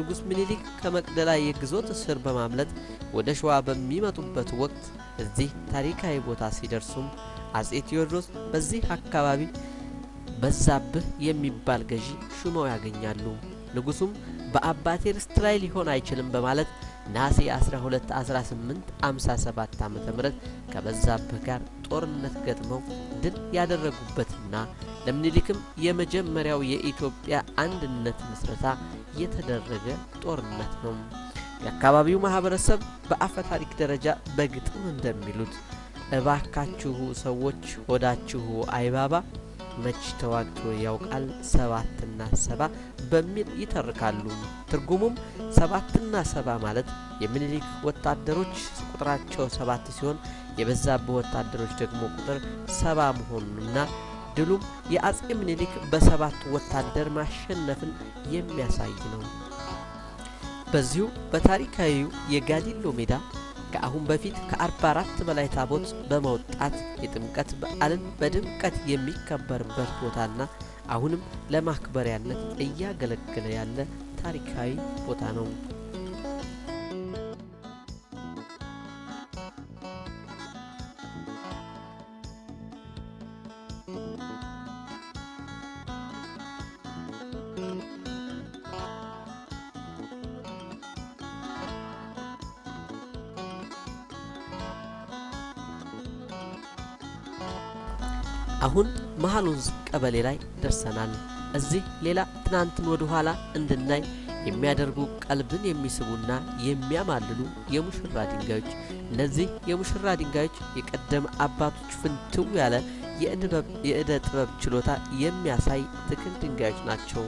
ንጉሥ ምኒሊክ ከመቅደላ የግዞት እስር በማምለጥ ወደ ሸዋ በሚመጡበት ወቅት እዚህ ታሪካዊ ቦታ ሲደርሱም አጼ ቴዎድሮስ በዚህ አካባቢ በዛብህ የሚባል ገዢ ሹመው ያገኛሉ። ንጉሱም በአባቴ ርስት ላይ ሊሆን አይችልም በማለት ናሴ 12 18 57 ዓ.ም ከበዛብህ ጋር ጦርነት ገጥመው ድል ያደረጉበትና ለምኒልክም የመጀመሪያው የኢትዮጵያ አንድነት ምስረታ የተደረገ ጦርነት ነው። የአካባቢው ማህበረሰብ በአፈታሪክ ደረጃ በግጥም እንደሚሉት እባካችሁ ሰዎች ሆዳችሁ አይባባ መች ተዋግቶ ያውቃል ሰባትና ሰባ በሚል ይተርካሉ። ትርጉሙም ሰባትና ሰባ ማለት የምኒልክ ወታደሮች ቁጥራቸው ሰባት ሲሆን የበዛብህ ወታደሮች ደግሞ ቁጥር ሰባ መሆኑንና ድሉም የአጼ ምኒልክ በሰባት ወታደር ማሸነፍን የሚያሳይ ነው። በዚሁ በታሪካዊው የጋሊሎ ሜዳ ከአሁን በፊት ከ44 በላይ ታቦት በመውጣት የጥምቀት በዓልን በድምቀት የሚከበርበት ቦታና አሁንም ለማክበሪያነት እያገለገለ ያለ ታሪካዊ ቦታ ነው። አሁን መሀል ወንዝ ቀበሌ ላይ ደርሰናል። እዚህ ሌላ ትናንትን ወደ ኋላ እንድናይ የሚያደርጉ ቀልብን የሚስቡና የሚያማልሉ የሙሽራ ድንጋዮች። እነዚህ የሙሽራ ድንጋዮች የቀደመ አባቶች ፍንትው ያለ የእደ ጥበብ ችሎታ የሚያሳይ ትክል ድንጋዮች ናቸው።